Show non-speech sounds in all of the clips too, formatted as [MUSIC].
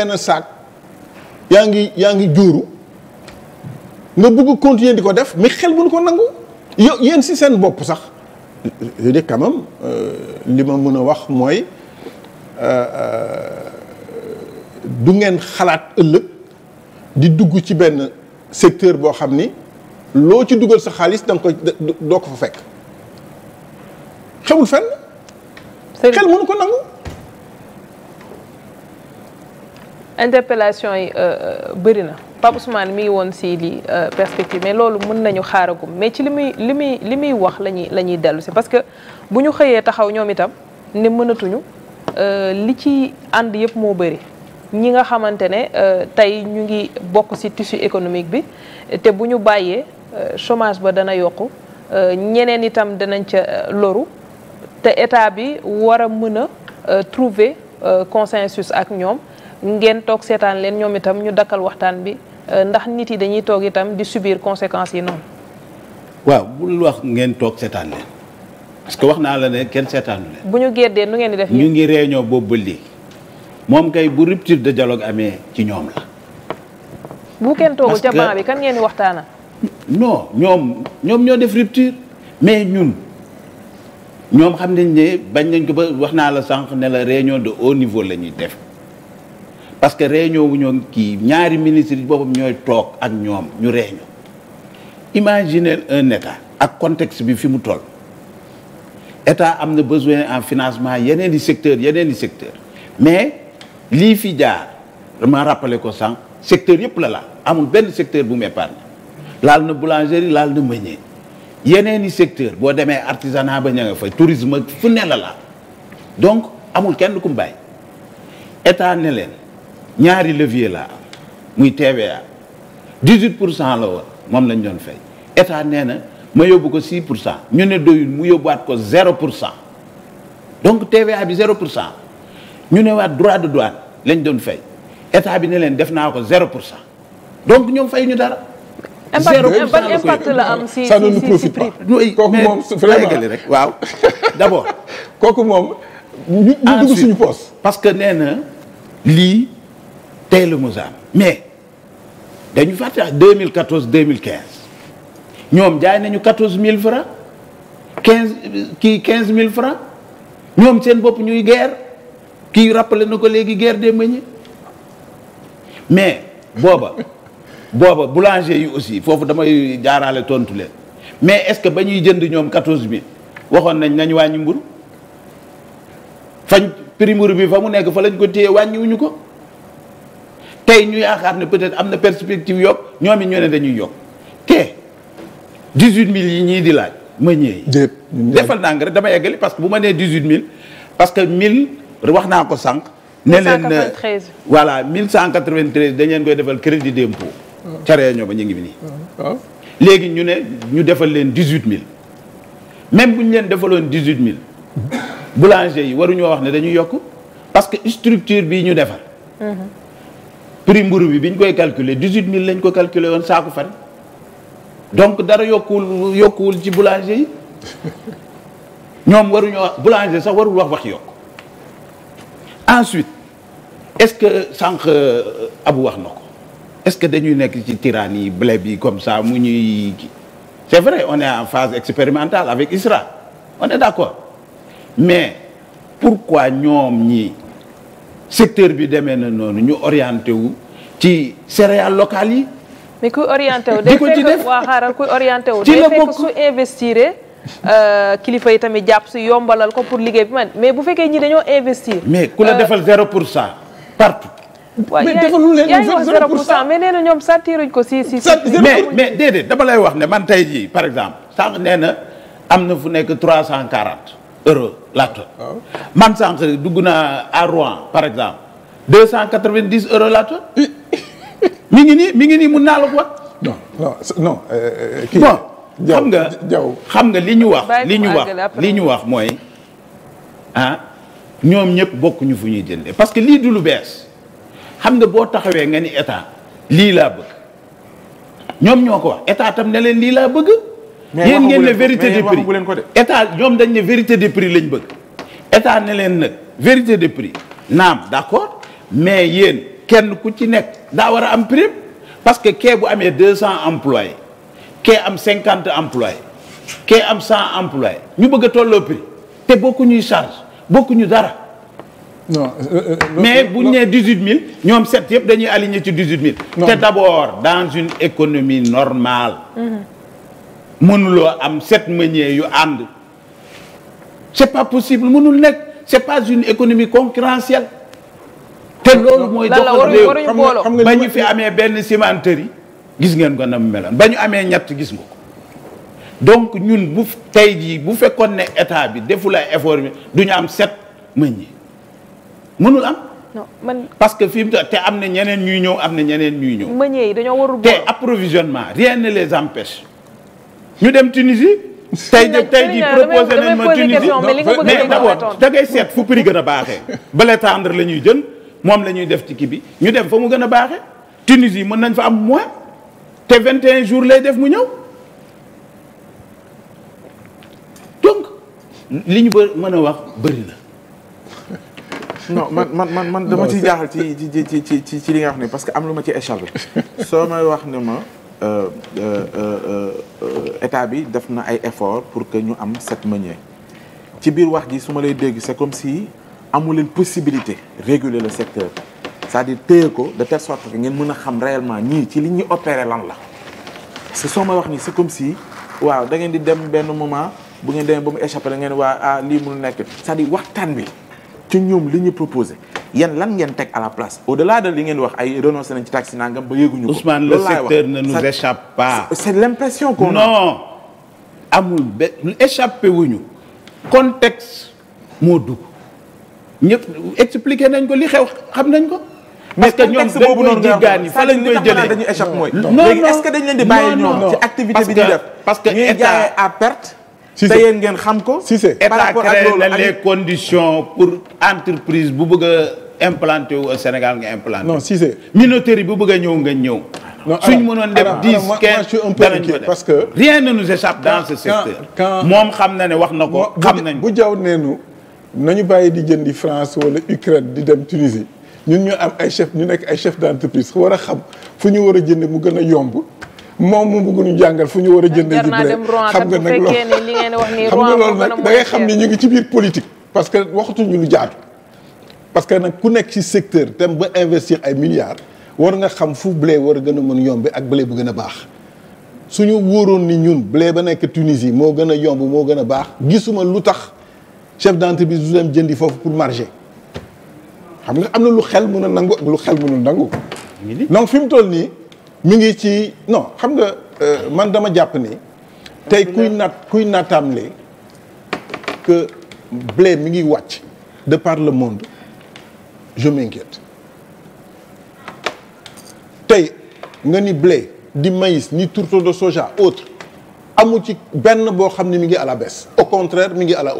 benn saak yaa ngi yaa ngi juuru nga bëgg continuer di ko def mi xel mënu ko nangu yo yéen si seen bopp sax je dis quand euh, li ma mën a wax mooy euh, euh, du ngeen xalaat ëllëg di dugg ci benn secteur boo xam ni loo ci dugal sa xaalis da ko doo ko fa fekk xewul fenn xel mënu ko nangu interpellation yi euh, euh, bëri na Pape mi ngi woon si lii euh, perspective mais loolu mën nañu xaaragum mais ci li muy li muy li muy wax la ñuy la ñuy dellu si parce que bu ñu xëyee taxaw ñoom itam ne mënatuñu li ci ànd yëpp moo bëri ñi nga xamante ne tey ñu ngi bokk si tissu économique bi te bu ñu bàyyee chômage ba dana yokku ñeneen itam danañ ca loru te état bi war a mën a trouver consensus ak ñoom ngeen toog seetaan leen ñoom itam ñu dakkal waxtaan bi euh, ndax nit yi dañuy toog itam di subir conséquences yi noonu. waaw bul wax ngeen toog seetaan leen parce que wax naa la ne kenn seetaanu leen. bu ñu géddee nu ngeen di def. ñu ngi réunion boobu ba léegi moom kay bu rupture de dialogue amee ci ñoom la. bu kenn toogul ca banc bi kan ngeen di waxtaana non ñoom ñoom ñoo def rupture mais ñun ñoom xam nañ ne bañ nañ ko ba wax naa la sànq ne la réunion de haut niveau la ñuy def. parce que réunion wu ñoo kii ñaari ministre yi ñooy toog ak ñoom ñu réunion imaginez un état ak contexte bi fi mu toll état am na besoin en financement yeneen di secteur yeneen di secteur mais lii fi jaar dama rappelé ko sànq secteur yëpp la la amul benn secteur bu mu épargne laal na boulangerie laal na meunier yeneen i secteur boo demee artisanat ba ña fa fay fu ne la la donc amul kenn ku mu bàyyi état ne ñaari levier la am muy TVA 18 pour cent la woon moom lañ doon fay état nee na ma yóbbu ko 6 pour cent ñu ne doyul mu yóbbuwaat ko 0 pour cent donc TVA bi 0 pour cent ñu ne waat de douane lañ doon fay état bi ne leen def naa ko 0 pour cent donc ñoom fay ñu dara. zéro ban impact ne nous profite pas. kooku rek waaw [LAUGHS] d' abord. kooku moom. ñu suñu poos. parce que nee na lii. teelu musa am mais dañu fàtte 2014 2015 ñoom jaay nañu mille francs quinze kii mille francs ñoom seen bopp ñuy guerre kii rappelé na ko léegi guerre des meuniers mais booba [LAUGHS] booba boulanger yi aussi foofu damay jaaraale tontu leen mais est-ce que ba ñuy jënd ñoom 14000 waxoon nañ nañu wàññi mburu fañ prix bi fa mu nekk fa lañ ko téye wàññiwuñu ko tey ñu yaakaar ne peut-être am na perspective yokk ñoom it ñu ne dañuy yokk kee 18000 yi ñii di laaj ma ñëwee. déet defal naa nga rek dama eggali parce que bu ma nee 18000 parce que 1000 wax naa ko sànq. ne leen euh, voilà 1193 dañ leen koy defal crédit d'impôt. Mm. ca réunion ba ñu ngi nii. waaw mm. ah. léegi ñu ne ñu defal leen 18000 même bu ñu leen defaloon 18000 mm. boulanger yi waruñoo wax ne dañuy yokk parce que structure bii ñu defar. Mm-hmm. prix mburu bi bi ñu koy calculer dix-huit mille lañ ko calculer woon saaku fan donc dara yokkuwul yokkuwul ci boulanger yi ñoom waruñoo wax boulanger sax warul wax wax yokk ensuite est-ce que sànq euh, abu wax na ko est-ce que dañuy nekk ci tyrannie yi blé bi comme ça mu ñuy c'est vrai on est en phase expérimentale avec ISRA on est d'accord mais pourquoi ñoom ñi secteur bi demee na noonu ñu orienté wu ci céréales locales yi. mais kuy orienté wu. di ko ci def waa xaaral kuy orienté wu. ci la bokk su investir euh, kilifa yi tamit jàpp si yombalal ko pour liggéey bi man mais bu fekkee ñi dañoo investir. mais ku la euh, defal zéro pour cent partout. waaw mais defaluñu leen ñu vingt zéro pour cent mais nee na ñoom sentiruñ ko si si. mais mais déedéet dama lay wax ne man tey jii par exemple sànq nee na am na fu nekk trois cent quarante. euros laa toj. man sànq dugg naa à Rouen par exemple deux cent quatre vingt dix euros laa toj [LAUGHS] mi ngi nii mi ngi nii mu naa la ko wax. non non non. Euh, euh, xam nga xam nga li ñu wax. li ñu wax li ñu wax mooy ah ñoom ñëpp bokkuñu fu ñuy jëndee parce que lii du lu bees xam nga boo taxawee nga ni état lii laa bëgg ñoom ñoo ko wax état tam ne leen lii laa bëgg. yéen ngeen ne vérité des prix état ñoom dañ ne vérité des prix lañ bëgg état ne leen nag vérité des prix naam d'accord mais yéen kenn ku ci nekk daa war a am prime parce que kee bu amee deux cent employés kee am cinquante employés kee am cent employés ñu bëgg a tolloo prix te bokkuñuy charge bokkuñu dara. non euh, euh, mais bu ñu nee dix huit mille ñoom sept yëpp dañuy aligné ci dix huit mille. te d'abord dans une économie normale. Mmh. mënuloo am sept meunier yu ànd c'est pas possible mënul nekk c'est pas une économie concurrentielle te loolu mooy doxal réew ba ñu fi amee benn yi gis ngeen ko na mu meloon ba ñu amee ñett gis nga ko donc ñun bu tey jii bu fekkoon ne état bi deful ay effort bi du ñu am set meunier mënul am non man parce que fii mu te am na ñeneen ñuy ñëw am na ñeneen ñuy ñëw meunier yi dañoo warul te approvisionnement rien ne les empêche ñu dem Tunisie. tey jii tey jii proposé nañ ma Tunisie mais d'abord da ngay seet fu prix gën a baaxee. blé tendre la ñuy jën moom la ñuy def ci kii bi ñu dem fa mu gën a baaxee Tunisie mën nañ fa am mois te 21 jours lay def mu ñëw donc li ñu bë mën a wax bëri na. non man man man man dama ci jaaxal ci ci ci ci ci li nga wax ne parce que am lu ma ci échappé soo may wax ne ma. Euh, euh, euh, état bi def na ay effort pour que ñu am cette meunière ci biir wax ji su ma lay dégg c'est comme si amu leen possibilité réguler le secteur cest à di téye ko de telle sorte que ngeen mën a xam réellement ñii ci li ñuy opérer lan la si que soo may wax ni c'est comme si waaw da ngeen di dem benn moment bu ngeen demee ba mu échappé da ngeen waa ah lii mënul nekk c'est-à-dire waxtaan bi ci ñoom li ñu proposé yan lan ngeen teg à la place au delà de li ngeen wax ay renoncé nañ ci taxi nangam ba yëguñu ko. Ousmane le secteur ne nous échappe pas. c'est contexte moo dugg ñëpp nañ ko li xew xam nañ ko. parce que ñoom dañ koy jéggaani fa lañ koy jëlee dañuy échappe mooy. non non léegi que dañ leen di bàyyi ñoom ci activité bi ñu def. parce que état ñuy à perte. Cissé te yéen ngeen xam ko. Cissé par rapport ak loolu état pour entreprise bu bëgg a implanté wu au Sénégal nga implanté. non Cissé minoterie bu bëgg a ñëw nga ñëw. suñ mënoon def dix quinze danañ ko def parce que. rien ne nous échappe dans ce secteur. moom xam na ne wax na ko. xam nañ bu jaw neenu nañu bàyyi di jëndi France wala Ukraine di dem Tunisie ñun ñu am ay chef ñu nekk ay chef d' entreprise war a xam fu ñu war a jënd mu gën a yomb. moom mu bëgg ñu jàngal fu ñu war a jëndee ji blé xam nga nag loolu [LAUGHS] xam nga loolu nag da ngay xam ne ñu ngi ci biir politique parce que ñu lu jaatu parce que nag ku nekk ci secteur dem ba investir ay milliards war nga xam fu blé war a gën a mën yombe ak blé bu gën a baax suñu wóoroon ni ñun blé ba nekk Tunisie moo gën a yomb moo gën a baax gisuma lu tax chef bi du dem jëndi foofu pour marché xam nga am na lu xel mën a nangu ak lu xel mënul nangu donc mi ngi ci non xam nga euh, man dama jàpp ni tey kuy naat kuy naataamle que blé mi ngi wàcc de par le monde je m'inquiète tey nga ni blé di maïs ni tourteau de soja autre amu ci benn boo xam ne mi ngi à la baisse au contraire mi ngi à la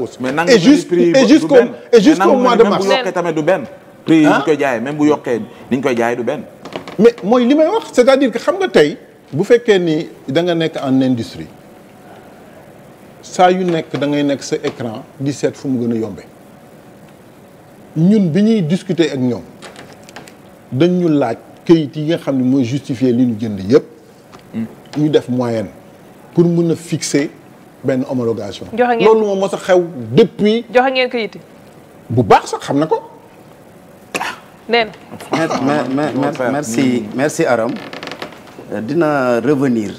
et juste et jusqu'au et mois de mars. bu yokkee tamit du benn. prix yi ñu ah? koy jaayee même bu yokkee ni ñu koy jaayee du benn. mais mooy li may wax c'est-à-dire que xam nga tey bu fekkee ni da nga nekk en industrie saa yu nekk da ngay nekk sa écran di seet fu mu gën a yombe ñun bi ñuy discuter ak ñoom dañ ñu laaj kayit yi nga xam ne mooy justifier li ñu jënd yëpp ñu def moyen pour mun a fixer benn homologation loolu moom sa xew depuis joxe kayit bu baax sax xam na ko nee na merci merci Aram euh, dina revenir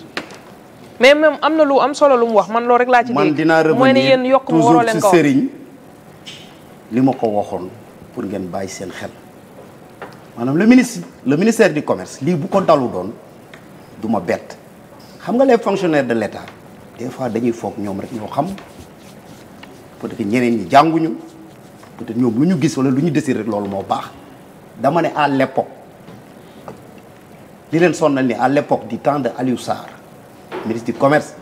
mais même am na lu am solo lu mu wax man loolu rek laa ci dégg dinaa mooy ne yéen yokk ma waroo leen ko wax sëriñ li ma ko waxoon pour ngeen bàyyi seen xel maanaam le ministre le ministère du commerce lii bu ko dalu doon du ma bett xam nga les fonctionnaires de l'État des fois dañuy foog ñoom rek ñoo xam peut-être ñeneen ñi jànguñu peut-être ñoom lu ñu gis wala lu ñu désiré loolu moo baax dama ne à l'époque li leen sonnal ni à l'époque du temps de Aliou Sarr ministre du commerce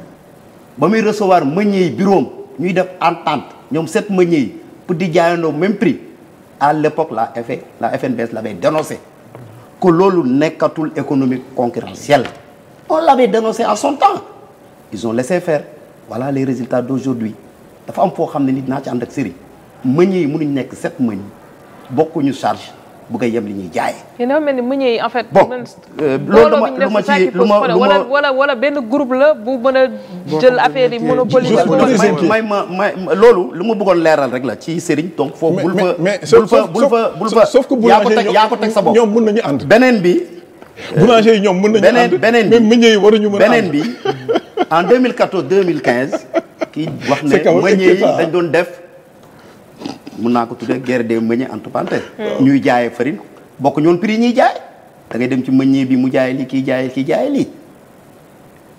ba muy recevoir meunier yi ñuy def entente ñoom sept meunier yi pour di jaayandoo même prix à l'époque la FA la FNBS l'avait dénoncé que loolu nekkatul économie concurrentielle on l'avait dénoncé à son temps ils ont laissé faire voilà les résultats d'aujourd'hui dafa am foo xam ne nit naa ci ànd ak sëriñ meunier yi mënuñ nekk sept meunier bokkuñu charge bëgg a yem li ñuy jaayee. dina mel ni mu ñëw en fait. bon euh, loolu lu ma ci ma wala wala benn groupe la bu mën a jël affaire yi monopoliser. may loolu lu ma bëggoon leeral rek la ci seriñ donc foofu. bul fa bul fa bul fa bul fa sauf que yaa ko ñoom mën nañu ànd. beneen bi. Euh, boulanger ñoom mën nañu ànd beneen beneen bi même meññee yi waruñu mën a ànd beneen bi en 2014 2015. kii wax [LAUGHS] ne meññee yi dañ doon def. mun naa ko tuddee guerre des meuniers entre parenthèses ñuy jaayee farine bokk ñoon prix ñuy jaay dangay dem ci meunier bi mu jaay lii kiy jaay kii jaay lii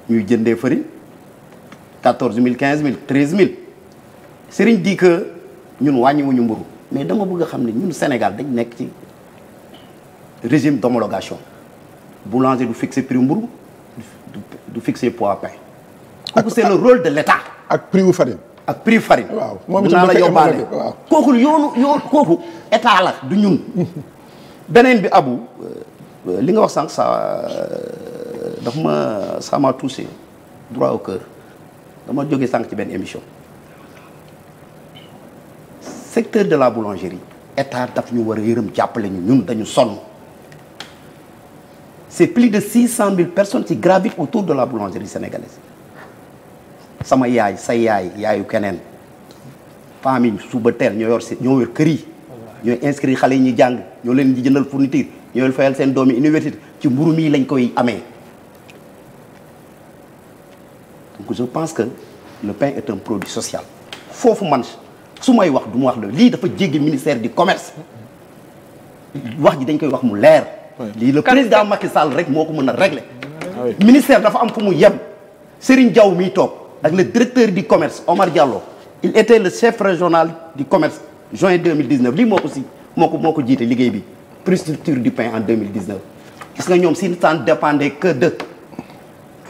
ñuy jëndee farine quatorze mille quinze mille treize mille Serigne di que ñun wàññiwuñu mburu mais dama bëgg xam ne ñun Sénégal dañ nekk ci régime d'homologation boulanger du fixer prix mburu du fixer poids pain kooku se le role de l'État ak prix wu farine ak prix farine. waaw moom itam la yóbbaale kooku yoonu yoonu kooku état la du ñun. beneen bi abu euh, li nga wax sànq sa euh, daf ma ça m'a touché droit au cœur dama jóge sànq ci benn émission secteur de la boulangerie état daf ñu war a yërëm jàppale ñu ñun dañu sonn c'est plus de six cent mille personnes qui gravitent autour de la boulangerie sénégalaise sama yaay sa yaay yaayu keneen famille suba teel ñoo yor si ñoo wër kër yi ñooy inscrit xale yi ñu jàng ñoo leen di jëndal fourniture ñoo leen fayal seen doomi université ci mburu mii lañ koy amee donc je pense que le pain est un produit social foofu man su may wax du mu wax la lii dafa jéggi ministère di commerce wax ji dañ koy wax mu leer lii le président Macky Sall rek moo ko mën a régler ah ministère dafa am fu mu yem Serigne Diaw miy toog ak le directeur du commerce Omar Diallo il était le chef régional du commerce juin 2019 lii moo ko si moo ko moo ko jiite liggéey bi priculture du pain en 2019 gis nga ñoom si ça ne dépendait que de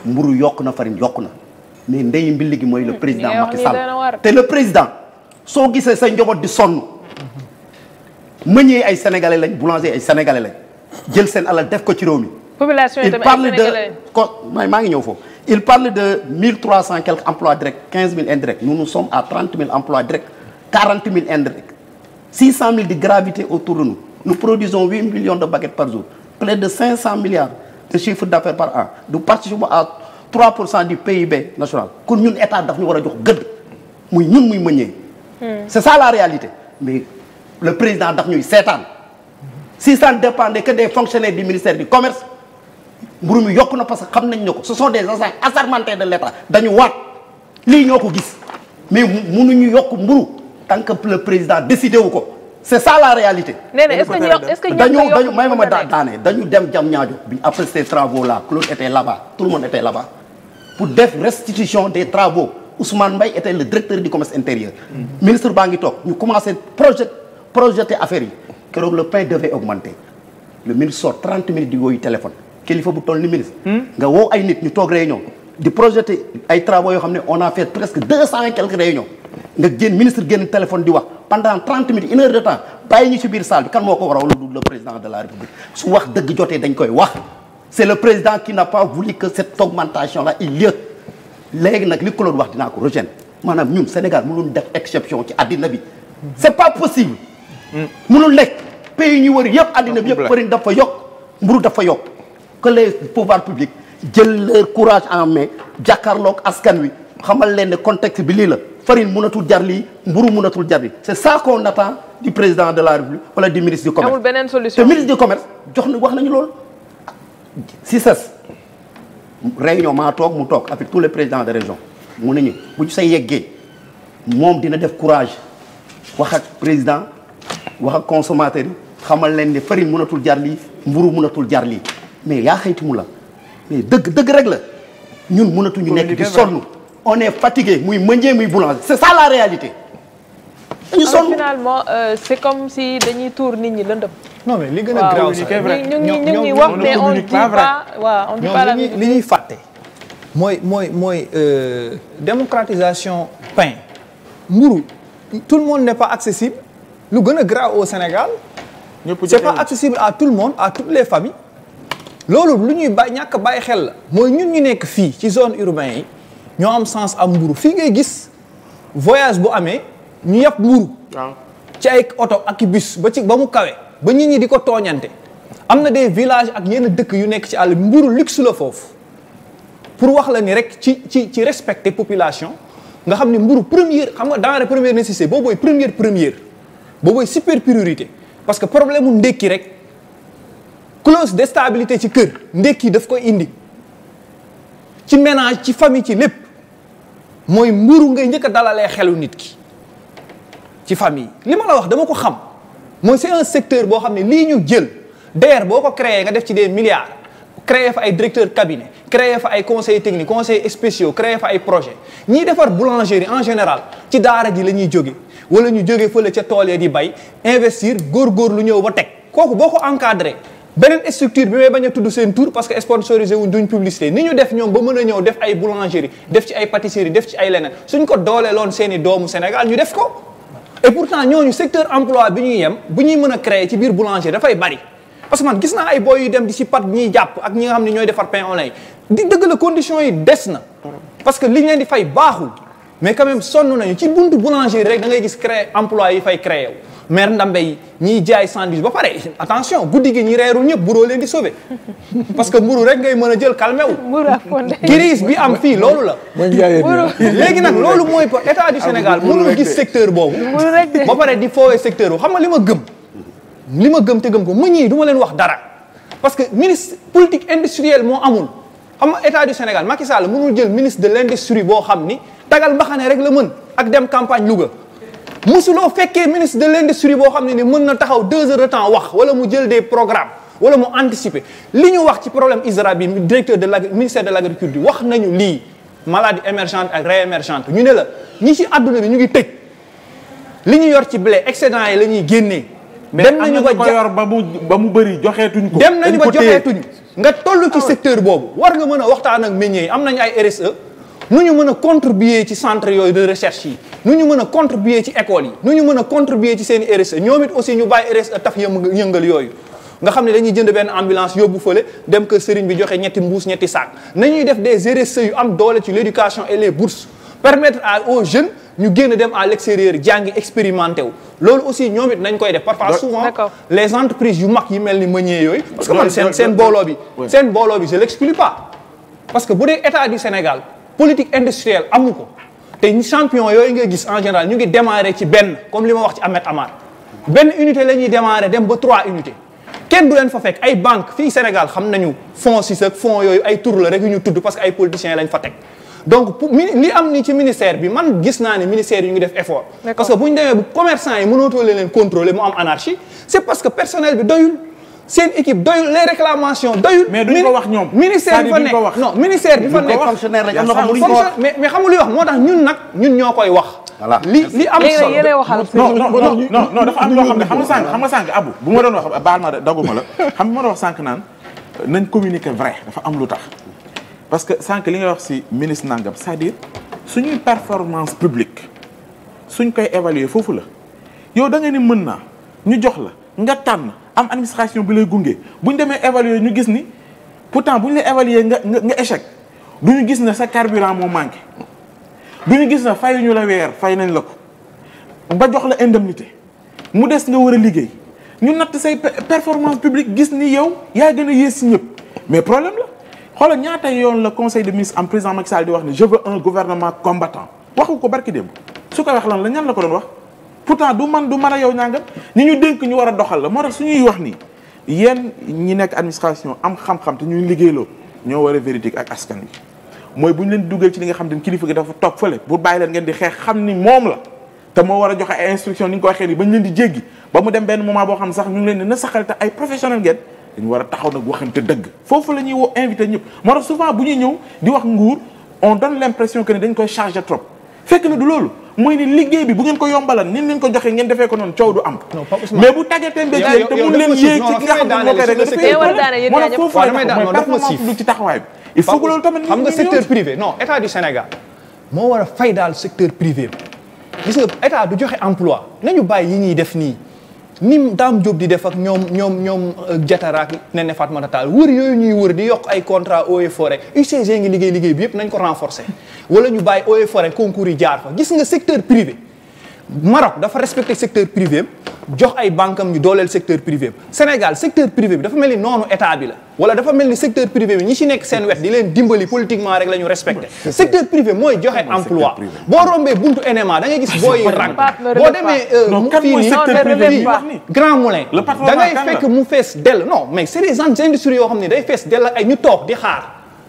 mburu yokk na farine yokk na mais ndeyu mbi gi mooy le président Macky Sall te le président soo gisee sa njaboot di sonn meññee ay sénégalais lañ boulanger ay sénégalais lañ jël seen alal def ko ci réew mi. population yi tamit ay sénégalais il parle de ko maa ngi ñëw foofu. il parle de 1300 quelques emplois directs 15000 indirects nous nous sommes à 30000 emplois directs 40000 indirects 600000 de gravité autour de nous nous produisons 8 millions de baguettes par jour près de 500 milliards de chiffre d'affaires par an nous participons à du PIB national kon ñun état daf ñu war a jox gëdd muy ñun muy meññee. Hmm. c'est ça la réalité mais le président daf ñuy seetaan si ça ne dépendait que des fonctionnaires du ministère commerce. mburu mi yokk na parce que xam nañ ne ko ce sont des agents assermentés de l'État dañu waat lii ñoo ko gis mais mu ñu yokk mburu tant que le président décidé wu ko c'est ça la réalité. nee na est-ce que dañu dañu may ma ma daane dañu dem jam ñaajo bi après ces travaux là Claude était là-bas tout le monde était là-bas pour def restitution des travaux Ousmane Mbaye était le directeur du commerce intérieur. Mm. ministre baa ngi toog ñu commencé projet projeté affaire yi keroog le pain devait augmenter le ministre sort téléphone. kilifa bu toll ni ministre. Hmm? nga woo ay nit ñu toog réunion. di projeté ay travaux xam ne on a fait presque deux cent et quelques réunions. nga génn ministre génn téléphone di wax pendant trente minutes une heure de temps bàyyi ñu ci biir salle bi kan moo ko waral lu le président de la république su wax dëgg jotee dañ koy wax. c' est président qui n'a pas voulu que cette augmentation là il y ait nag li Claude wax dinaa ko rejeter maanaam que les pouvoirs publics jël leur courage en main jàkkaarloog askan wi xamal leen ne contexte bi lii la farine munatul jar lii mburu munatul jar lii c'est ça qu'on attend du président de la République wala du ministre du commerce beneen solution te ministre du commerce jox na wax nañu lool si ses réunion maa toog mu toog avec tous les présidents de région mu ne ñu bu ñu say yeggee moom dina def courage wax président wax ak consommateur yi xamal leen ne farine mënatul jar lii mburu mënatul jar lii mais yaa xayti mu la mais dëgg dëgg rek la ñun mënatuñu nekk di sonn on est fatigué muy meññee muy boulanger c'est ça la réalité. ñu sonn euh, finalement euh, c'est comme si dañuy tuur nit ñi lëndëm. non mais li gën a grave sax ñu ngi ñu ngi wax mais on dit pas waaw li ñuy fàtte. mooy mooy mooy euh, démocratisation pain mburu tout le monde n'est pas accessible lu gën a grave au Sénégal. c'est pas accessible à tout le monde à toutes les familles. loolu lu ñuy bàyyi ñàkk bàyyi xel la mooy ñun ñu nekk fii ci zone urbaine yi ñoo am sens am mburu fii ngay gis voyage bu amee ñu yàpp mburu ci ay oto ak i ba ci ba mu kawee ba nit ñi di ko tooñante am na des village ak yenn dëkk yu nekk ci àll bi mburu luxe la foofu pour wax la ni rek ci ci ci respecter population nga xam ne mburu première xam nga denrée première nécessité boobooy première première boobooy super priorité parce que problème mu ndékki rek clause de stabilité ci kër ndekki daf koy indi ci ménage ci famille ci lépp mooy mburu ngay njëkk dalalee xelu nit ki ci famille li ma la wax dama ko xam mooy c'est un secteur boo xam ne lii ñu jël DER boo ko créé nga def ci des milliards créé fa ay directeur cabinet créer fa ay conseil technique conseil spéciaux créé fa ay projet ñiy defar boulangerie en général ci daara ji la ñuy jóge wala ñu jóge fële ca tool ya di bay investir góorgóorlu ñëw ba teg kooku boo ko encadré beneen structure bi may bañ a tudd seen tour parce que sponsorisé wuñ duñ publicité ni ñu def ñoom ba mën a ñëw def ay boulangerie def ci ay pâtisserie def ci ay leneen suñ ko dooleeloon seeni doomu Sénégal ñu def ko et pourtant ñooñu secteur emploi bi ñuy yem bu ñuy mën a créer ci biir boulangerie dafay bari parce man gis naa ay boy yu dem di si pat ñiy jàpp ak ñi nga xam ne ñooy defar pain au di dëgg la condition yi des na parce que liñ leen di fay baaxul mais quand même sonn nañu ci buntu boulangerie rek da gis créé emploi yi fay créé wu maire Ndambe yi ñiy jaay sandwich ba pare attention guddi gi ñi reerul ñëpp buroo leen di sauvé [LAUGHS] parce que mburu rek ngay mën a jël calmé wu crise bi am fii loolu la léegi nag loolu mooy état du ah, Sénégal mënul gis secteur boobu ba pare di foowee secteur bu xam nga li ma gëm li ma gëm te gëm ko mu ñii du ma leen wax dara parce que ministre politique industrielle moo amul xam nga état du Sénégal Macky Sall mënul jël ministre de l'industrie boo xam ni tagal mbaxane rek la mën ak dem campagne Louga mosuloo fekkee ministre de l'industrie boo xam ne ni mën na taxaw deux heures de wax wala mu jël de programmes wala mu anticiper li ñu wax ci problème ISRA bi directeur de l'agri ministère de l'agriculture wax nañu lii maladie émergente ak réémergente ñu ne la ñi ci àdduna bi ñu ngi tëj li ñu yor ci blé excédent yi la ñuy génnee. dem nañu ba yor ba mu ba mu bëri joxeetuñ ko. dem nañu ba joxeetuñ. nga toll ci ah secteur boobu war nga mën a waxtaan ak meññee yi am nañu ay RSE nu ñu mën a contribuer ci centre yooyu de recherche yi nu ñu mën a contribuer ci école yi nu ñu mën a contribuer ci seen i RSE ñoom it aussi ñu bàyyi RSE taf yëngu yëngal yooyu nga xam ne dañuy jënd benn ambulance yóbbu fële dem kër sëriñ bi joxe ñetti mbuus ñetti saak ñuy def des RSE yu am doole ci l' et les bourses permettre à aux jeunes ñu génn dem à l'extérieur jàngi expérimenté wu loolu aussi ñoom it nañ koy def parfois souvent les entreprises yu mag yi mel ni meunier yooyu parce que man seen seen booloo bi seen booloo bi je l'explique pas parce que bu dee état du Sénégal politique industrielle amu ko te champion yooyu nga gis en général ñu ngi démarrer ci benn comme li ma wax ci Ahmed Amar benn unité la ñuy démarrer dem ba trois unités kenn du leen fa fekk ay banque fii Sénégal xam nañu fonds si ak fonds yooyu ay tur la rek yu ñu tudd parce que ay lañ fa teg donc pour li am ni ci ministère bi man gis naa ne ministère yi ngi def effort. parce que bu ñu demee bu commerçant yi mënootoo leen contrôler mu am anarchie. c'est parce que personnel bi doyul seen équipe doyul les réclamations doyul. mais duñ ko wax ñoom ministère bi fa nekk non ministère bi fa nekk na ko mais mais xamul wax moo tax ñun nag ñun ñoo koy wax. li am solo non non non non dafa am loo xam ne xam nga sànq xam nga sànq abu bu ma doon wax baal ma daguma la xam nga ma doon naan nañ communiquer vrai dafa am lu tax parce que sànq li nga wax ci ministre nangam c'est-à-dire suñuy performance publique suñ koy évaluer foofu la yow da nga ni mën naa ñu jox la nga tànn am administration bi lay gunge bu ñu demee évaluer ñu gis ni pourtant bu ñu la évaluer nga nga échec du ñu gis ne sa carburant moo manqué du ñu gis ne fay ñu la weer fay nañ la ko ba jox la indemnité mu des nga war a liggéey ñu natt say performance publique gis ni yow yaa gën a yées ci ñëpp mais xoolal ñaata yoon la conseil de ministre am président Macky Sall di wax ne je veux un gouvernement combattant waxu ko barki démb su ko wax lan la ñan la ko doon wax pourtant du man du man a yow ñàngam ñi ñu dénk ñu war a doxal la moo tax suñuy wax nii yéen ñi nekk administration am xam-xam te ñuy liggéeyloo ñoo war a véridique ak askan wi mooy bu ñu leen dugal ci li nga xam te ne kilifa gi dafa toog fële bu bàyyi leen ngeen di xeex xam ni moom la te moo war a joxe ay instruction ni ñu leen di jéggi ba mu dem benn moment boo dañu war a taxaw nag waxante dëgg foofu la ñuy woo invité ñëpp moo tax ñuy ñëw di wax nguur on donne l'impression que ne dañ koy fekk na loolu mooy ni liggéey bi bu ngeen ko yombalal ni ngeen ko joxee ngeen defee ko noonu coow du am. mais bu tàggatee mbéy mi te mun leen yéeg ci ki nga xam ne moo koy rek war a fay daal secteur privé bi gis nga état du joxe emploi nañu bàyyi yi ñuy def nii nim daam Diop di def ak ñoom ñoom ñoom jataraak euh, Néné Fatoumata Tall wër yooyu ñuy wër di yokk ay contrat eaux et forêt UCG ngi liggéey liggéey bi yëpp nañ ko renforcer wala ñu bàyyi eaux et forêt concours yi jaar fa gis nga secteur privé Maroc dafa respecté secteur privé jox ay banque am ñu dooleel secteur privé Sénégal secteur privé bi dafa mel ni noonu état bi la wala dafa mel ni secteur privé bi ñi ci nekk seen wet di leen dimbali politiquement rek la ñu respecté secteur privé mooy joxe emploi boo rombee buntu NMA da gis [LAUGHS] booy rang boo demee euh, fii nii Grand Moulin da ngay fekk mu fees dell non mais c'est des grandes industries yoo xam ne day fees dell ak ay ñu toog di xaar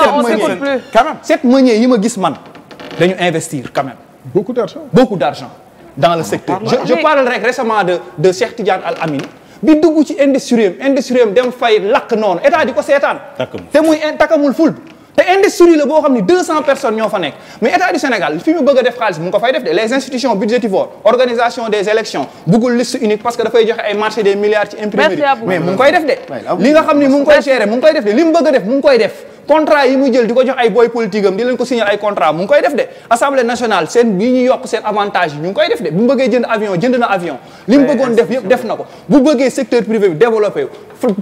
quand même sept meuniers yi ma gis man dañu investir quand même beaucoup d'argent beaucoup d'argent dans le secteur je, je parle rek récemment de de Cheikh Al Amin bi dugg ci industriem industriem dem fay lakk noonu état di ko seetaan te muy takamul ful te industrie la boo xam ne ñoo fa nekk mais état du Sénégal fi mu bëgg a def xaalis mu ngi ko fay def de les institutions budgétivores organisation des élections bëggul liste unique parce que dafay joxe ay marché des milliards ci imprimerie koy de contrat yi mu jël di ko jox ay boy politique am di leen ko signal ay contrat mu ngi koy def de assemblée nationale seen bi ñu yokk seen avantage yi ñu ngi koy def de bu mu bëggee jënd avion jënd na avion li mu bëggoon def yëpp def na ko bu bëggee secteur privé bi développé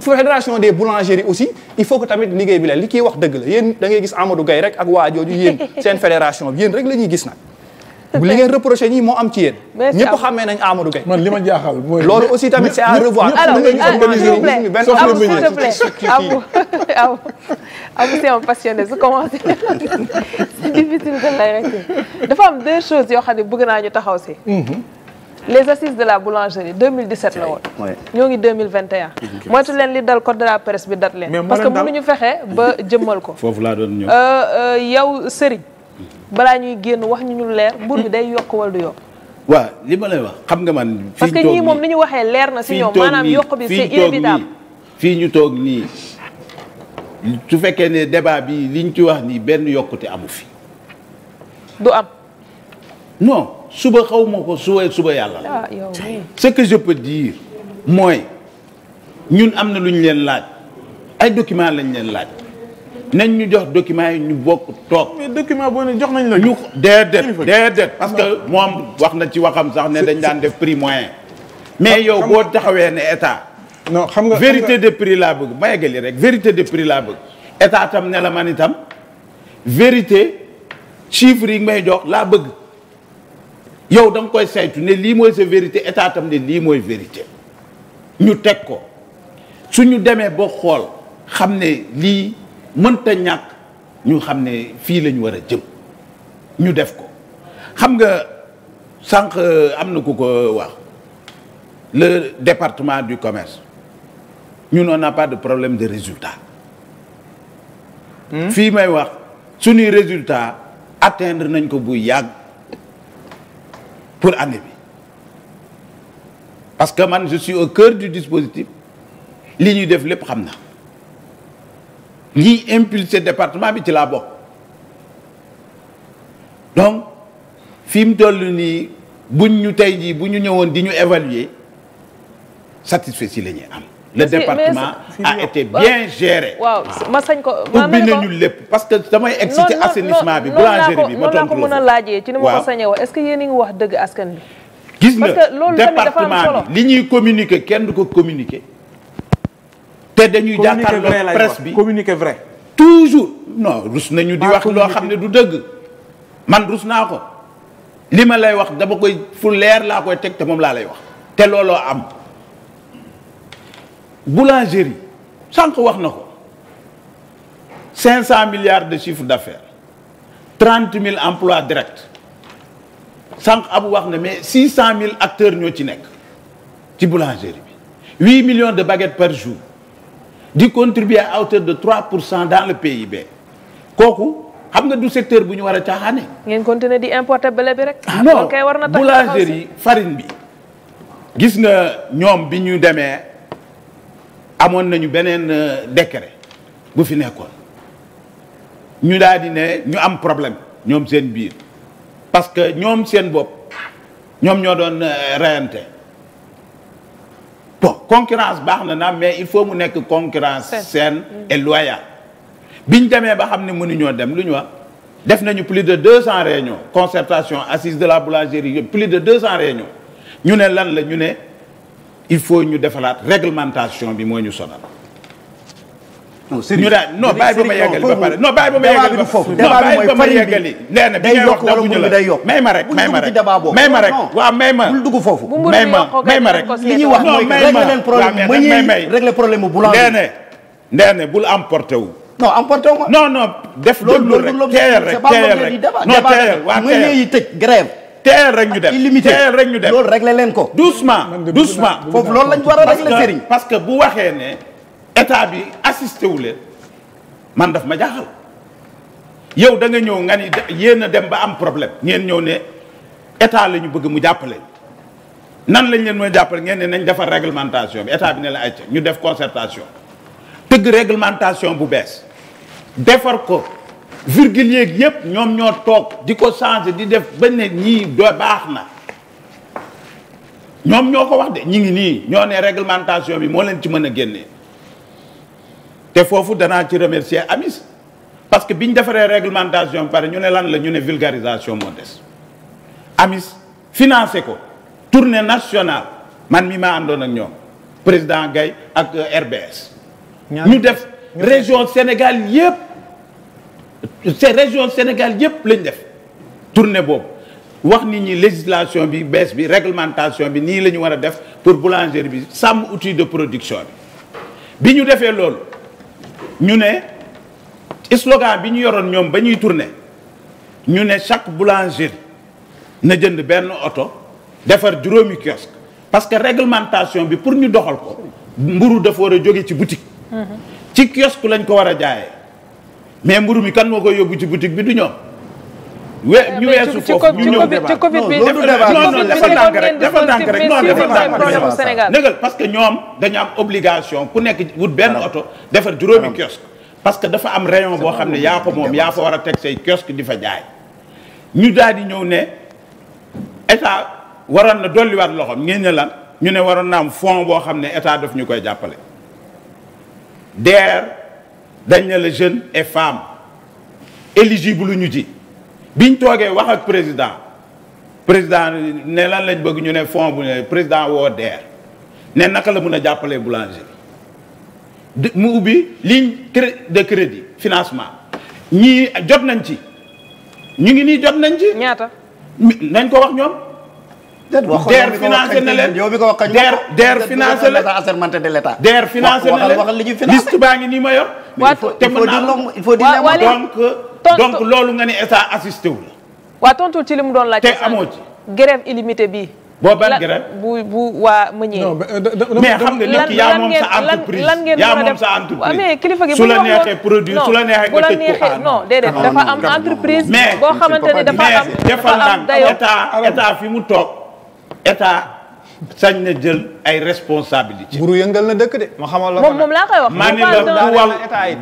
fédération des boulangeries aussi il faut que tamit liggéey bi la li kiy wax dëgg la yéen da ngay gis Amadou Gaye rek ak waa jooju yéen [LAUGHS] seen fédération bi yéen rek la ñuy gis nag li ngeen reproché ñi moo am ci yéen. ñëpp xamee nañ Amadou Gueye. man li ma jaaxal mooy. loolu aussi tamit c'est à revoir. alors Abou ah, s'il te plaît Abou Abou Abou c'est un passionné [LAUGHS] dafa am deux choses yoo xam ne bëgg naa ñu taxaw si. Mhm. les assises de la boulangerie 2017 la woon. ñoo ngi 2021. moytu leen li dal code de la presse bi dat leen. parce que mënuñu fexe ba jëmmal ko. foofu laa doon ñëw euh, euh, yow Serigne. balaa ñuy génn wax ñu ñu leer mbur bi day yokk wala du yokk. waaw li ma lay wax xam nga man. fii parce que ñii moom ni ñu waxee leer na si ñoom. maanaam yokk bi c'est inévitable fii ñu toog nii su fekkee ne débat bi liñ ci wax nii benn yokkute amu fi. du am. non suba xaw ma ko suba suba yàlla la. Ah, ce que je peux dire mooy ñun am na lu ñu leen laaj ay documents lañ leen laaj. nañ ñu jox document yi ñu bokk toog. mais document boo ne jox nañ la. ñu déedéet déedéet parce que moom wax na ci waxam sax ne dañ daan def prix moyen. mais ah, yow boo taxawee ne état. non xam nga vérité de prix laa bëgg ma yeggali rek vérité de prix laa bëgg. état tam ne la man itam vérité chiffres yi may jox laa bëgg yow da nga koy saytu ne lii mooy sa vérité état tam ne lii mooy vérité ñu teg ko su ñu demee ba xool xam ne lii. mënta ñàkk ñu xam ne fii lañu war a jëm ñu def ko xam nga sànq euh, am na ku ko wax le département du commerce ñu noon naa pas de problème de résultat hmm? fii may wax suñuy résultat atteindre nañ ko buy yàgg pour année bi parce que man je suis au cœur du dispositif li ñuy def lépp xam na lii impulsé département bi ci laa bokk donc fi mu toll nii buñ ñu tey jii bu ñu ñëwoon di ñu évaluer satisfait si la ñuy am. le département a été bien géré. waaw ma sañ ko ma nañu lépp parce que damay excité assainissement bi boulangerie bi ma tontu la ko mën a laajee ci ni ce que yéen a ngi dëgg askan bi. gis nga département bi li ñuy communiquer kenn du ko communiquer. te dañuy jàkkaarloo presse bi communiqué vrai toujours non rus nañu di ah, wax loo xam ne du dëgg man rus naa ko li ma lay wax dama koy fu leer laa koy teg te moom laa lay wax te looloo am boulangerie sànq wax na ko cinq cent milliards de chiffre d'affaires trente mille emplois direct sànq abu wax na mais six cent mille acteurs ñoo ci nekk ci boulangerie bi huit millions de baguettes par jour di contribuer à de trois pour cent dans le be kooku xam nga du secteur bu ñu war a caaxaane. ngeen continuer di importer blé bi rek. Ah non boulangerie farine bi. gis na ñoom bi ñu demee amoon nañu beneen euh, décret bu fi nekkoon ñu daal di ne ñu am problème ñoom seen biir parce que ñoom seen bopp ñoom ñoo doon euh, reyante. concurrence baax na naa mais il faut mu nekk concurrence saine mm. et bi ñu demee ba xam ne mënuñoo dem lu ñu wax def nañu plus de deux cents réunions concertation assise de la boulangerie plus de deux cents réunions ñu ne lan la ñu ne il faut ñu defalaat réglementation bi moo ñu sonal non sérieux non bàyyi ba ma yeggali ba pare non bàyyi ba ma yeggali ba foofu non bàyyi ba ma yeggali nee na bi ngay wax dabuñu la day yokk may ma rek may ma rek may ma rek waaw may ma bul dugg foofu may ma may ma rek li ñuy wax mooy régler leen problème ma ñuy régler problème bu bulan nee ne nee ne bul emporté wu non emporté wu ma non non def loolu rek teeyal rek teeyal rek non teeyal waa teeyal ma ñuy tëj grève teel rek ñu def illimité teel rek ñu def loolu régler leen ko doucement doucement foofu loolu lañ war a régler Serigne parce que bu waxee ne état bi assisté wu leen man daf ma jaaxal yow da nga ñëw nga ni yéen a dem ba am problème ngeen ñëw ne état la ñu bëgg mu jàppale nan lañ leen mooy jàppale ngeen ne nañ defar réglementation bi état bi ne la ay ñu def concertation tëgg réglementation bu bees defar ko virgule yeeg yëpp ñoom ñoo toog di ko changer di def bañ ne ñii do baax na ñoom ñoo ko wax de ñi ngi nii ñoo ne réglementation bi moo leen ci mën a génnee te foofu danaa ci remercier AMIS parce que bi ñu defaree réglementation pare ñu ne lan la ñu ne vulgarisation moo des AMIS financé ko tournée nationale man mi maa àndoon ak ñoom président Gaye ak euh, RBS. ñu def région Sénégal yëpp. c'est région Sénégal yëpp lañ def tournée boobu wax nit ñi législation bi bees bi réglementation bi nii la ñu war a def pour boulangerie bi sàmm outil de production bi bi ñu defee loolu. ñu ne slogan bi ñu yoroon ñoom ba ñuy tourné ñu ne chaque boulanger na jënd benn oto defar juróomi kiosque parce que réglementation bi pour ñu doxal ko mburu dafa war a jóge ci boutique mhm. ci kiosque lañ ko war a jaaye mais mburu mi kan moo koy yóbbu ci boutique bi du ñoom we euh, ñu weesu foofu ñu ñëw débat ci Covid bi non non dafa ndànk rek dafa ndànk rek non dafa ndànk rek parce que ñoom dañu am obligation ku nekk wut benn oto defar juróomi kiosque parce que dafa am rayon boo xam ne yaa ko moom yaa fa war a teg say kiosque di fa jaay ñu daal di ñëw ne état waroon na dolliwaat loxoom ngeen ne lan ñu ne waroon na am fonds boo xam ne état daf ñu koy jàppale DER dañ ne la jeune et femme éligible lu ñu ji biñ toogee wax ak président président ne lan lañ bëgg ñu ne fond bu ne président woo DER ne naka la mun a jàppalee boulanger mu ubbi ligne de crédit financement ñii jot nañ ci ñu ngi nii jot nañ ci. ñaata. nañ ko wax ñoom. DER financé na leen yow mi ko wax kañ DER DER financé de l'État DER baa ngi nii ma yor. il faut il donc loolu nga ne état assisté wu la. waaw tontu ci li mu doon laaj. te amoo ci grève illimité bi boo ban grève bu bu waa Meunier. non mais euh, xam nga nit ki yaa moom sa lan ngeen lan ngeen mën a def kilifa gi. bu la neexee produire su la ah, dafa am entreprise. boo xamante ni dafa am dafa am dayo fi mu toog état. sañ na jël ay responsabilité buru yëngal na dëkk de. ma xamal la moom moom laa koy wax. maa ni la ku wal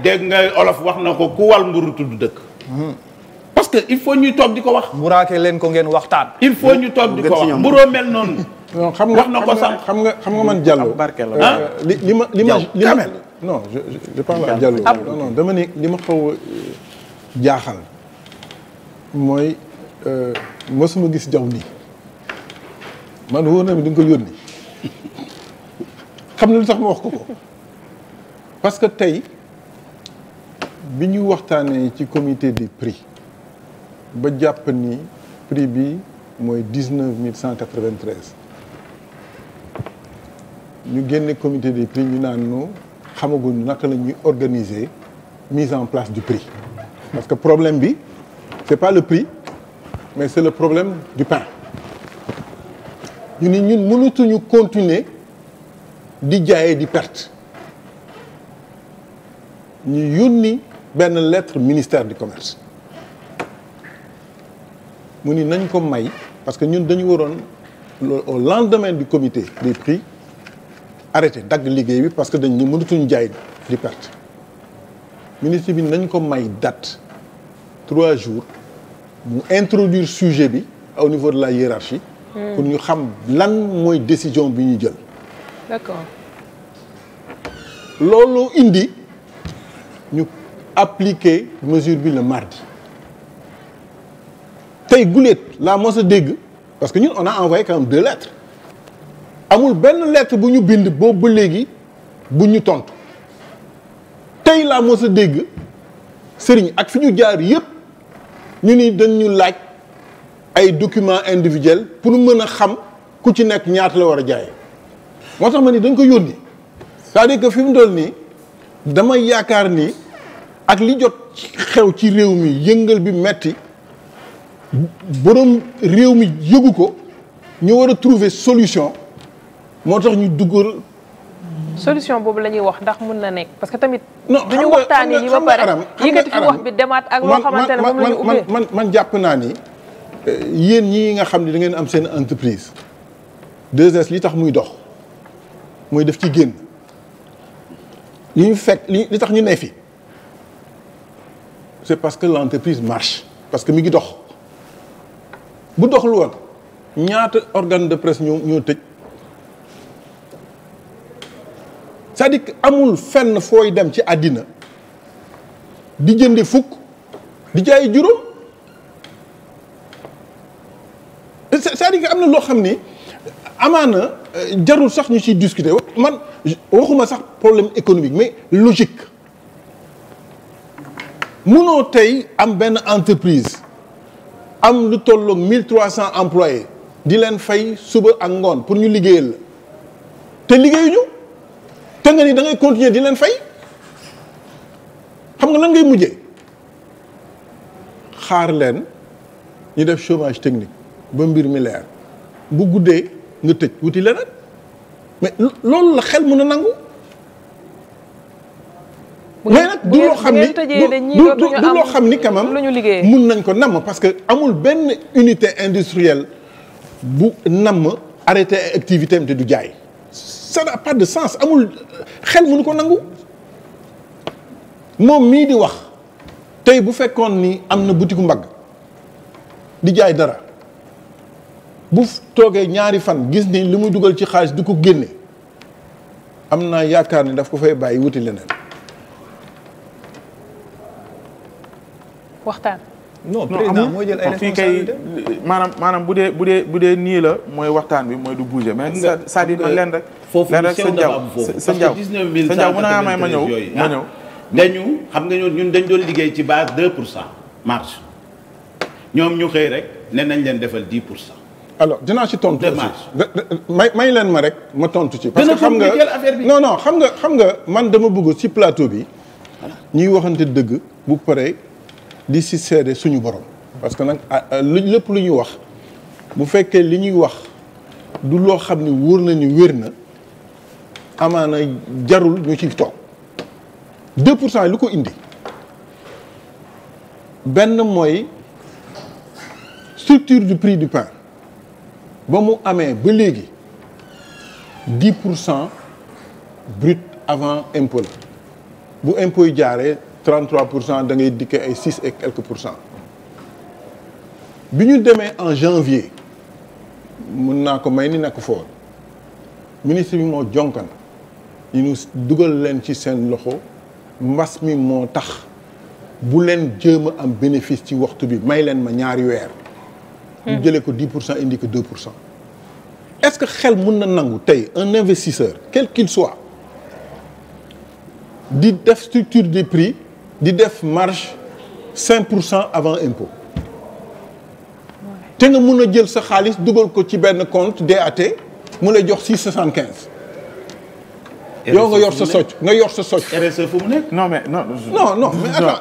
dégg nga olof wax na ko ku wal mburu tudd dëkk. parce que il faut ñuy toog di ko wax. buraake leen ko ngeen waxtaan. il faut ñu toog di ko wax mburoo mel noonu. non xam nga wax na ko sànq xam nga xam nga man Diallo. ah li li ma li ma li ma. non je je parle à Diallo non dama ni li ma xaw euh, jaaxal mooy euh, mosuma gis jaw nii man wóor na mi di ko yónni xam na lu sax ma wax ko ko parce que tey. bi ñu waxtaanee ci comité des prix ba jàpp ni prix bi mooy dix-neuf mille cent quatre vingt ñu génne comité des prix ñu naan nu xamaguñu naka la ñuy organiser mise en place du prix parce que problème bi c'est pas le prix mais c'est le problème du pain ñu ni ñun mënatuñu continuer di jaayee di perte ñu yónni benn lettre ministère du commerce mu ni nañ ko may parce que ñun dañu waroon au lendemain du comité des prix arrêté dagg liggéey bi parce que dañ ni mënatuñ jaay di perte ministre bi nañ ko may dat trois jours mu introduire sujet bi au niveau de la hiérarchie hmm. pour ñu xam lan mooy décision bi ñu jël loolu indi ñu appliqué mesure bi le mardi tey guléet laa mos a dégg parce que ñun on a envoyé quand même deux amul benn lettre bu ñu bind boobu ba léegi bu ñu tontu tey laa mos a dégg sëriñ ak fi ñu jaar yépp ñu ni dañ ñu laaj ay document individuels pour mën a xam ku ci nekk ñaata la war a jaayee moo tax ma ni dañ ko yónni c'est-à-dire que fi mu dool nii damay yaakaar nii ak li jot xew ci réew mi yëngal bi metti boroom réew mi yëgu ko ñu war a trouver solution moo tax ñu duggal. solution boobu la ñuy wax ndax mun na nekk parce que tamit. non xam nga xam du ñu waxtaanee li ba pare yëkkati fi wax demaat ak. loo xamante ne moom la ñu ubbee man man man jàpp naa ni. Euh, yéen ñi nga xam ni dangeen am seen entreprise. 2S li tax muy dox mooy def ci génn li ñu fekk li tax ñu ne fi. c'est parce que l'entreprise marche parce que mi ngi dox bu doxul woon ñaata organe de presse ñoo ñoo tëj cest à amul fenn fooy dem ci àddina di jënde fukk di jaay juróom cest à am na loo xam ni amaana euh, jarul sax ñu ciy discuter man waxuma sax problème économique mais logique mënoo tey am benn entreprise am lu tolloog mille cent employés di leen fay suba ak ngoon pour ñu liggéeyal la te liggéeyuñu te nga ni da ngay continuer di leen fay xam nga lan ngay mujje xaar leen ñu def chômage technique ba mbir mi bu guddee nga tëj wuti leneen mais loolu la xel mun a nangu. mais nag du loo xam ni du loo xam ni quand même mun nañ ko namm parce que amul benn unité industrielle bu namm arrêté activité am te du jaay ça n'a pas de sens amul xel mënu ko nangu moom mii di wax tey bu fekkoon ni am na butiku mbagg di jaay dara bu toogee ñaari fan gis ni li muy dugal ci xaalis du ko génne am naa yaakaar ni daf ko fay bàyyi wuti leneen waxtaan. non président mooy jël ay maanaam maanaam bu dee bu dee bu dee nii la mooy waxtaan bi mooy du bouger mais. c'est-à-dire man leen rek. foofu lu sew dafa am foofu parce que 19 100 mën ma ñëw ma ah, ñëw. dañu xam nga ñun dañ doon liggéey ci base 2 pour cent marge ñoom ñu xëy rek ne nañ leen defal 10 pour cent. alors dinaa ci tontu may may leen ma rek ma tontu ci. parce que xam nga non non xam nga xam nga man dama bëgg ci plateau bi. ñuy waxante dëgg bu paree. li si seede suñu borom parce que nag ah, ah, lu lépp lu ñuy wax bu fekkee li ñuy wax du loo xam ni wóor na ni wér na amaana jarul ñu ci toog deux lu ko indi benn mooy structure du prix du pain ba mu amee ba léegi dix pour cent brut avant impo la bu impo yi jaaree 33 pour cent dangay ngay dikkee ay 6 et quelques pour cent bi ñu demee en janvier mun naa ko may ni nekk foofu ministre bi moo jonkan ñu ñu dugal leen ci seen loxo mbas mi moo tax bu leen jéem a am bénéfice ci waxtu bi may leen ma ñaari weer. ñu hmm. jëlee ko 10 pour cent indi ko 2 pour cent. est-ce que xel mun na nangu tey un investisseur quel qu'il soit di def structure des prix. di def marge cinq pour cent avant impôt te nga mun a jël sa xaalis dugal ko ci benn compte DAT mu lay jox six soixante quinze. E yow nga yor sa socc nga yor sa socc. RSE fu mu nekk non mais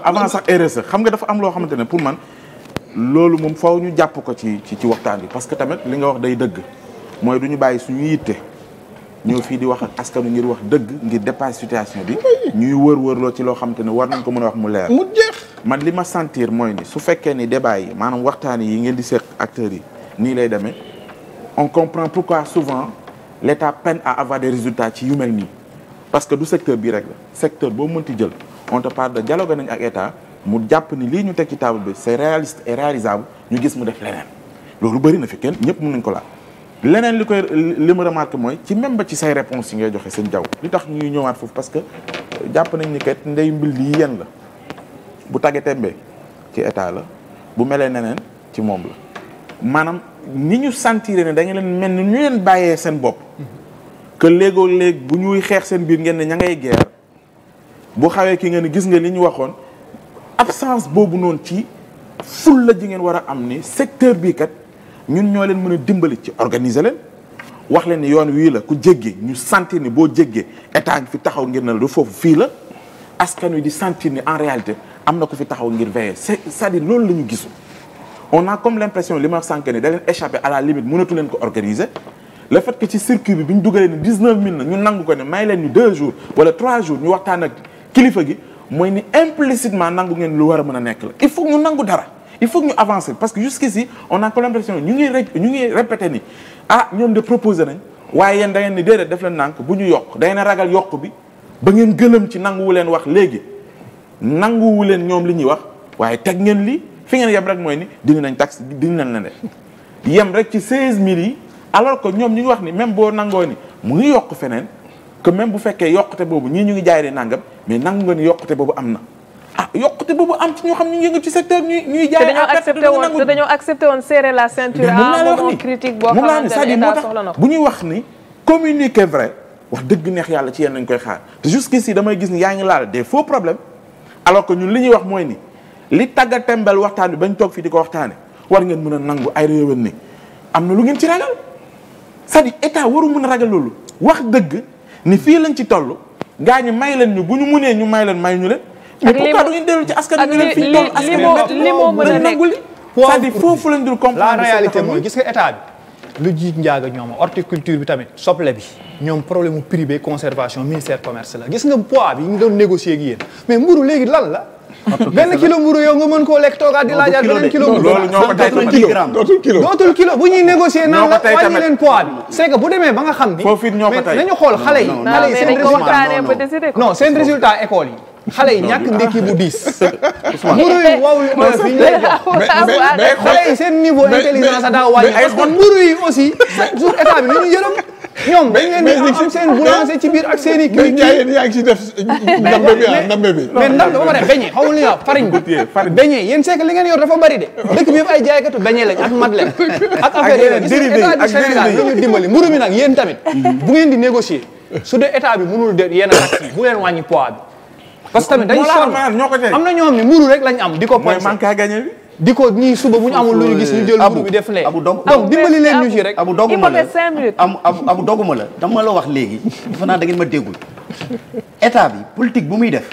avant sax RSE xam nga dafa am loo xamante ne pour man loolu moom faw ñu jàpp ko ci ci ci waxtaan bi parce que tamit li nga wax day dëgg mooy du ñu bàyyi suñu yitte. ñoo fii di wax ak askanu ngir wax dëgg ngir dépasse situation bi ñuy wër loo ci loo xam te ne war nañ ko mën a wax mu leer man li ma sentir mooy ni su fekkee ni débat yi maanaam waxtaan yi ngeen di seq acteurs yi nii lay demee on comprend pourquoi souvent l'État peine à avoir des résultats ci yu mel nii parce que du secteur bi rek la secteur boo mënti jël on te parle de dialogue nañ ak état mu jàpp ni lii ñu teg ci table bi c'est réaliste et réalisable ñu gis mu def leneen loolu bëri na fi kenn ñëpp mën nañ ko laal leneen li koy li mu mooy ci même ba ci say réponse yi ngay joxe sëñ Diaw li tax ñuy ñëwaat foofu parce que euh, jàpp nañ ni kat ndey mbil lii yéen la bu tagge tembe ci état la bu melee neneen ci moom la maanaam ni ñu sentir ne da nga leen mel ni ñu leen bàyyee seen bopp que léegoo léeg bu ñuy xeex seen biir ngeen ne ña ngay guerre bu xawee ki ngeen gis nga li ñu waxoon absence boobu noonu ci ful la ji ngeen war a am ni secteur bii kat ñun ñoo leen mën a dimbali ci organiser leen wax leen ni yoon wii la ku jéggee ñu sentir ni boo jéggee état ngi fi taxaw ngir ne la du foofu fii la askan wi di sentir ni en réalité am na ku fi taxaw ngir veiller sa à loolu la ñu gisu on a comme l'impression li ma sànq ni da leen échappé à la limite mënatu leen ko organiser le fait que ci circuit bi bi ñu dugalee ni 19000 la ñu nangu ko ne may leen ñu 2 jours wala 3 jours ñu waxtaan ak kilifa gi ni implicitement nangu ngeen lu war a mën a nekk la il faut ñu nangu dara il faut ñu avancer parce que jusqu'ici on a l'impression ñu ngi ñu ngi répété ni ah ñoom de proposé nañ waaye yéen da ngeen ni déedéet def leen nànk bu ñu yokk da ngeen ragal yokk bi ba ngeen gëlëm ci nanguwu leen wax léegi nanguwu leen ñoom li ñuy wax waaye teg ngeen li fi ngeen yem rek mooy ni dindi nañ taxe dindi nañ leen de yem rek ci 16000 yi alors ko ñoom ñu ngi wax ni même boo nangoo ni mu ngi yokk feneen que même bu fekkee yokkute boobu ñii ñu ngi jaay nangam mais nangu nga yokkute boobu am na ah yokkute boobu am ci ñoo xam ñu yëngu ci secteur ñuy ñuy jaay te dañoo accepté woon serrer la ceinture à un moment critique na ko bu ñuy wax ni communiquer dëgg neex yàlla ci yéen nañ koy xaar te jusqu'ici damay gis ni yaa ngi laal des faux problèmes alors que ñun li ñuy wax mooy ni li tagga waxtaan bi bañ toog fii di ko waxtaane war ngeen mën a nangu ay réewén ni am na lu ngeen ci ragal cest à état waru mun a ragal loolu wax dëgg ni fii lañ ci toll gaa ñi may leen ñu bu ñu munee ñu may leen may ñu leen mais pourquoi du ngeen dellu ci askan wi leen fi ñu toll askan wi a nekk c'est-à-dire foofu lañ dul comprendre la réalité mooy gis nga état bi lu jiit njaaga ñoom horticulture bi tamit soble bi ñoom problème mu prix bi conservation ministère commerce la gis nga poids bi doon négocier ak yéen mais mburu léegi lan la benn kilo mburu yow nga mën koo lekk toogaat di laajaat beneen kilo mburu dootul kilo bu ñuy négocier naan la wàññi leen poids bi c'est que bu demee ba nga xam ni nañu xool xale yi seen résultat non yi xale yi ñàkk ndekki bu diis. mburu yi wow yu oyof yi ñu lay jox. mais xale yi a aussi jour état bi nañu yërëm. ñoom dañ leen seen boulanger ci biir ak seen i. que ah, li ngeen yor dafa bari de. dëkk bi yëpp ay jaaykatu beñe lañ ak madeleine. ak affaire yooyu gis nga état du Sénégal mi nag yéen tamit. bu ngeen di négocier su dee état bi mënul de yéen a bu leen wàññi poids bi parce que tamit dañ sonn am na ñoom ni muru rek lañ am di ko poñse di suba bu ñu amul lu ñu gis ñu jël muru bi def lee abu dog dimbali leen ñu ci rek abu doguma la am dama la wax léegi dafa naa da ngeen ma déggul état bi politique bu muy def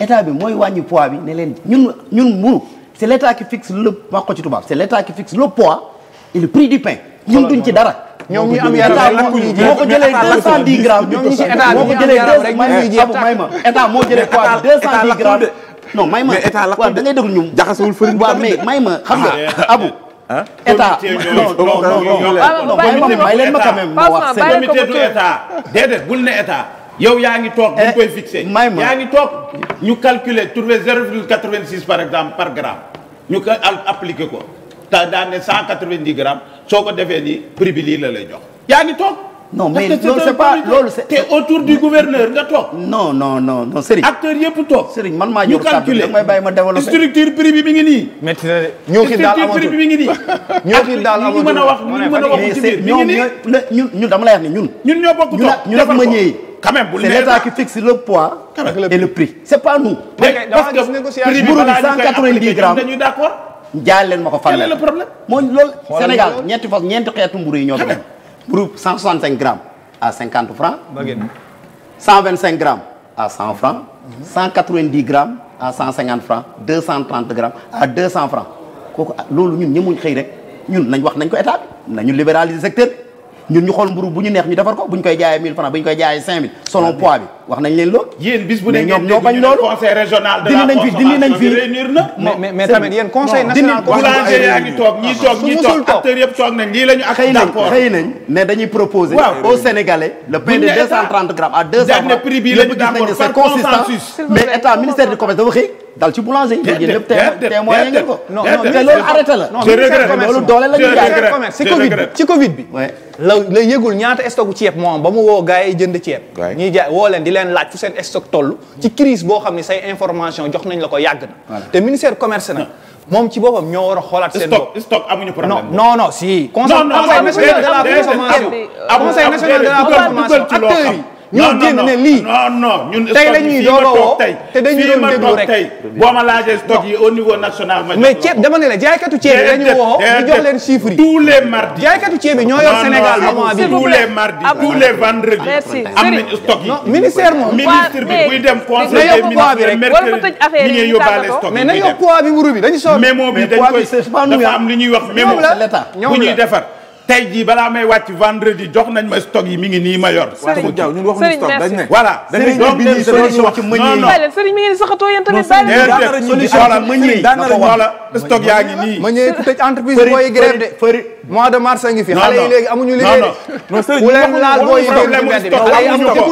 état bi mooy wàññi poids bi ne leen ñun ñun muru c'est l'état qui fixe le ma ko ci tubaab c'est l'état qui fixe le poids et le prix du pain ñun duñ ci dara ñoom ñu am yaram moo ko jëlee deux cent dix grammes moo ko jëlee may ma état moo jëlee deux cent dix grammes non may ma état la waaw da ngay déglu ñum jaxasawul fëriñ waaw mais may ma xam nga ah, ah. abu ah? état non non non may ma quand même ma wax comité du état déedéet bul ne état yow yaa ngi toog buñ eh, koy fixé may ma yaa ngi toog ñu calculer trouver 0,86 par exemple par gramme ñu ko appliquer ko ta daan ne 190 grammes soo ko defee nii prix la lay jox. yaa ngi toog. mais loolu c'est pas loolu c'est te autour du gouverneur nga toog. non non non non Serigne. acteur yëpp toog. Serigne man maa yor kàddu da may bàyyi ma développé structure prix bi mi ngi nii. métti na de ñoo ci daal amatul structure prix bi mi ngi nii. ñoo ci daal amatul ñu mën a wax ñu mën a wax ci jaay leen ma ko fanweer. le problème mooy loolu. Sénégal ñeenti fas ñeenti xeetu mburu yi ñoo fi dem. mburu 165 grammes à 50 francs. ba ngeen 125 grammes à 100 francs. 190 grammes à 150 francs 230 grammes à cent francs kooku loolu ñun ñëmuñ xëy rek ñun nañ wax nañ ko état bi nañu libéraliser secteur ñun ñu xool mburu bu ñu neex ñu defar ko bu ñu koy jaayee 1000 francs bu ñu koy jaayee 5000 selon ah, poids bi wax nañ leen loolu ne ñoo bañ loolu conseil nañ fi dindi nañ fi mais tamit yéen conseil national boulanger yaa nañ lii nañ mais dañuy proposer aux sénégalais le pain de 230 grammes à 200 francs ministère du commerce dafa dal ci boulanger yi. yéen ñëpp témoigné ko. non non mais loolu arrêté la. doole la ñuy jaay commerce ci Covid bi ci Covid la la ñaata stock ceeb moo am ba mu woo gars yi jënd ceeb. jaay woo leen di leen laaj fu seen stock toll. ci crise boo xam ne say information jox nañ la ko yàgg na. te ministère commerce nag. moom ci boppam ñoo war xoolaat seen bopp ñu génn ne lii non non ñun tey la ñuy doog a woo te dañu doon déglu rek tey boo ma laajee stock yi au niveau national ma mais ceeb dama ne la jaaykatu ceeb yi dañu woo ñu jox leen chiffres yi tous les mardis jaaykatu ceeb yi ñoo yor Sénégal moment bi tous les mardis tous les vendredis am nañu stock yi ministère moom ministre bi buy dem conseil des ministres mercredi ñi ngi yóbbaale stock mais na yokk poids bi wuru bi dañu soog mémo bi dañ koy dafa am li ñuy wax mémo bu ñuy defar tey jii balaa may wàcc vendredi jox nañ ma stock yi mi ngi nii wala stock yaa ngi nii. mëñ yi ku tëj entreprise booy grève de fëri a ngi fi xale yi léegi amuñu liggéey de. non Serigne waxuñu waxuñu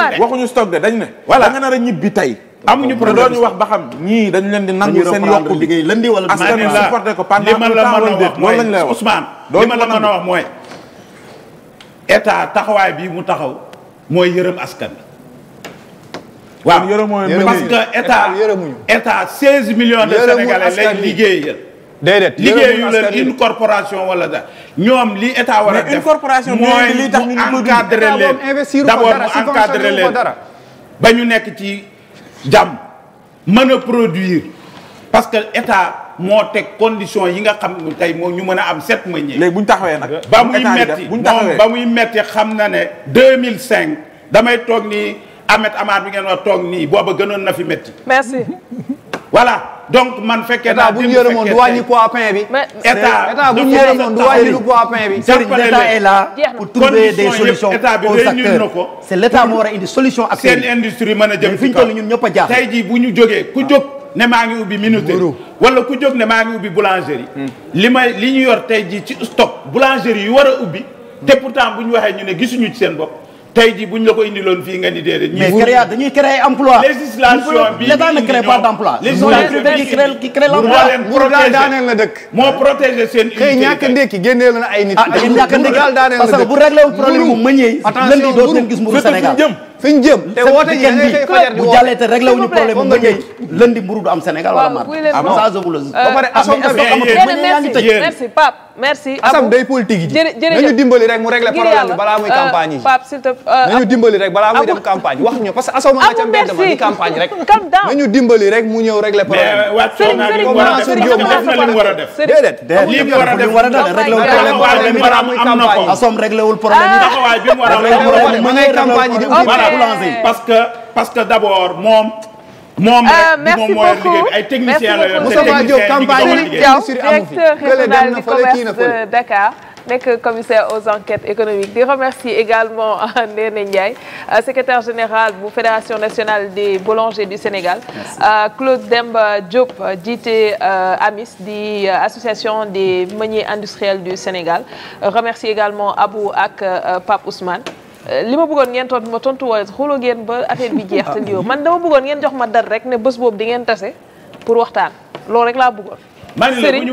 problème mu stock tey amuñu problème amuñu wax ba xam ñii dañu leen di nangu seen yokku liggéey lëndi wala askan wi supporté ma la a wax mooy lañ ma a wax mooy état taxawaay bii mu taxaw mooy yërëm askan bi waaw yërëmoo parce que état yërëmuñu état seize millions de sénégalais lañ liggéeyal déedéet une corporation wala da ñoom li état war a def mooy mu encadré leen mu encadré leen ba ñu nekk ci jàmm mën a produire parce que état moo teg condition yi nga xam ni tey moo ñu mën a am sept meunier. léegi bu ñu taxawee nag. ba muy metti moom ba muy metti xam na ne 2005 damay toog nii Ahmed Amar bi ngeen wax toog nii booba gënoon na fi metti merci donc man fekkee naa bu ñu yërëmoon du wàññi poids pain bi. état bu ñu yërëmoon du wàññi poids pain bi. Serigne l'état est là pour trouver des solutions aux acteurs c'est l'état moo war a indi solution ak seen industrie mën a jëm fi ñu toll ñun ñëpp a jaaxle tey jii bu ñu jógee ku jóg ne maa ubbi minuterie wala ku jóg ne maa ubbi boulangerie hmm. li may li ñu yor tey jii ci stock boulangerie yu war a ubbi te pourtant bu ñu waxee ñu ne gisuñu ci seen bopp tey jii bu ñu la ko indiloon fii nga ni déedéet. mais créer dañuy créer emploi. législation bi l'État ne crée pas d'emploi. législation bi qui crée qui crée l'emploi. nguur daal daaneel na dëkk. moo protéger seen unité xëy ñàkk a ndékki génneel na ay nit. ah ñàkk a ndékki parce que bu réglé wul problème mu mëñee. attention doo leen gis mburu Sénégal fi ñu jëm. te woote yi bu jàllee te réglé wuñu problème mu mëñee lëndi mburu du am Sénégal wala mar. ah bon ça je vous le dis. Euh, ba pare ah, assomption bi merci Assane day politique yi. jërëjëf nañu dimbali rek mu régler problème balaa muy campagne yi. Pape s'il te nañu dimbali rek balaa muy dem campagne wax ñu parce que Assane ma ca mbedd ma di campagne rek. nañu dimbali rek mu ñëw régler problème. Serigne Serigne Mara Serigne Mara Serigne Mara def na li mu war a def. balaa muy campagne Assane réglé wul problème yi. taxawaay bi mu war a def ma ngay campagne di parce que parce que d'abord moom moom rek euh, moom mooy liggéey ay technicien la yor Moustapha Diop campagne Serigne Diaw directeur régional du commerce de Dakar nekk commissaire aux enquêtes économiques di remercier également euh, Ndéné Ndiaye euh, secrétaire général bu fédération nationale des boulangers du Sénégal Claude Demba Diop jiite AMIS di association des meuniers industriels du Sénégal remercier également Abou ak Pape Ousmane Euh, li ma bëggoon ngeen tontu ma tontu wala xuloo ngeen ba affaire bi jeex te liyoo man dama bëggoon ngeen jox ma date rek ne bés boobu di ngeen pour waxtaan loolu rek laa bëggoon.